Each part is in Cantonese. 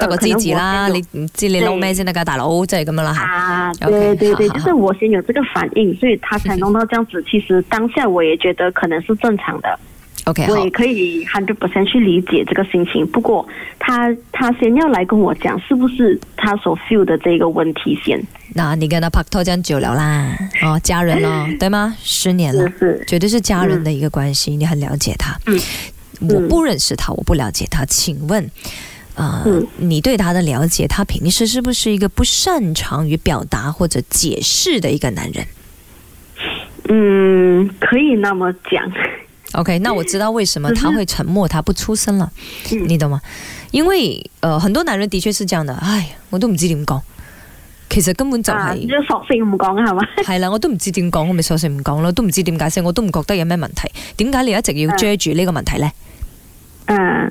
得個知己啦，你唔知你啦即係咁樣啦啊，對對對，就是我先有這個反應，所以他才弄到這樣子。其實當下我也覺得可能是正常的。O K，我也可以100%去理解這個心情。不過他他先要來跟我講，是不是他所 feel 的這個問題先？那你跟他拍拖咁久了啦，哦，家人咯，對嗎？十年了，絕對是家人的一個關係，你很了解他。嗯，我不認識他，我不了解他。請問？Uh, 嗯、你對他的了解，他平時是不是一個不擅長於表達或者解釋的一個男人？嗯，可以那麼講。OK，那我知道為什麼他會沉默， 就是、他不出聲了，你懂嗎？嗯、因為呃，很多男人，的確是這樣的，哎，我都唔知點講。其實根本就係、是，你索性唔講係嘛？係啦， 我都唔知點講，我咪索性唔講咯，都唔知點解釋，我都唔覺得有咩問題。點解你一直要遮住呢個問題咧？呃、啊。啊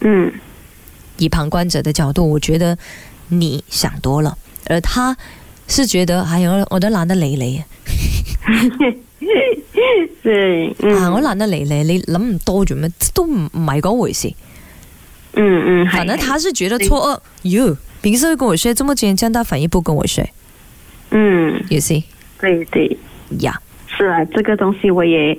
嗯，以旁觀者的角度，我覺得你想多了，而他是覺得，哎呀，我都懶得理你， 嗯、啊，我懶得理你，你諗唔多做咩？都唔唔係回事。嗯嗯，反正他是覺得錯愕。You 平時會跟我睡，麼這麼堅強，但反應不跟我睡。嗯，也是 You see?。對對，呀，Yeah. 是啊，這個東西我也。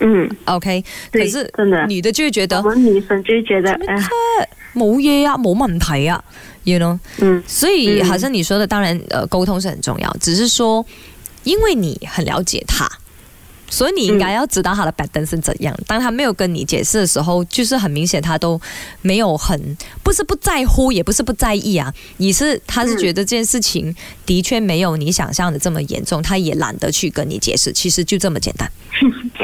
嗯，OK，對可是真的，女的就會覺得，我們女生就覺得，哎，冇嘢啊，冇唉問題啊，問題啊，you know。嗯，所以好像、嗯、你說的，當然，呃，溝通是很重要，只是說，因為你很了解他，所以你應該要知道他的 badness 是怎樣。嗯、當他沒有跟你解釋的時候，就是很明顯他都沒有很不是不在乎，也不是不在意啊。你是他是覺得這件事情的確沒有你想象的這麼嚴重，嗯、他也懶得去跟你解釋，其實就這麼簡單。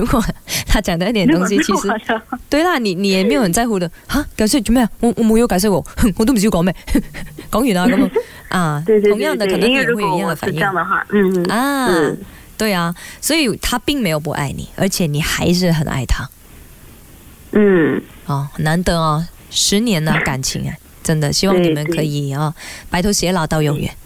如果他講的一點東西，其實對啦，你你也沒有很在乎的哈對、啊，感謝，做咩啊？我我冇要解釋喎，我都唔知講咩。講完啦咁啊，對對對對，同樣的可能你會有一樣的反應嘅嗯啊，嗯對啊，所以他並沒有不愛你，而且你還是很愛他。嗯，哦、啊，難得哦，十年嘅感情啊，真的希望你們可以啊，對對對，白頭偕老到永遠。對對對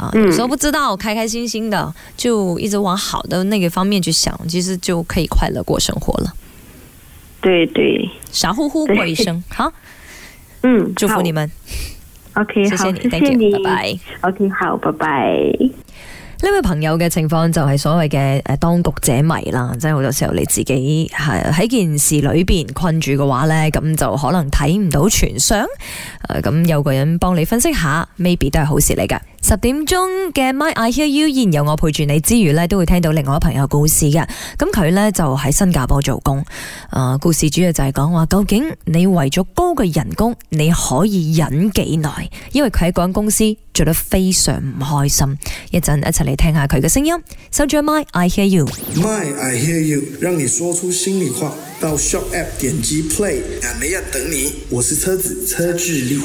啊，有時候不知道，開開心心的就一直往好的那個方面去想，其實就可以快樂過生活了。對對，傻乎乎過一生。好，嗯，祝福你們。OK，好，謝謝你，謝謝你，thank you，拜拜。OK，好，拜拜。呢位朋友嘅情況就係所謂嘅誒當局者迷啦，即係好多時候你自己喺喺件事裏邊困住嘅話呢，咁就可能睇唔到全相。誒、啊，咁有個人幫你分析下，maybe 都係好事嚟㗎。十點鐘嘅 My I Hear You，然由我陪住你之餘呢，都會聽到另外一位朋友故事嘅。咁佢呢，就喺新加坡做工。誒、呃，故事主要就係講話，究竟你為咗高嘅人工，你可以忍幾耐？因為佢喺間公司做得非常唔開心。一陣一齊嚟聽下佢嘅聲音。收住 My I Hear You，My I Hear You，讓你說出心裏話。到 Shop App 點擊 Play，每日等你。我是車子車距離。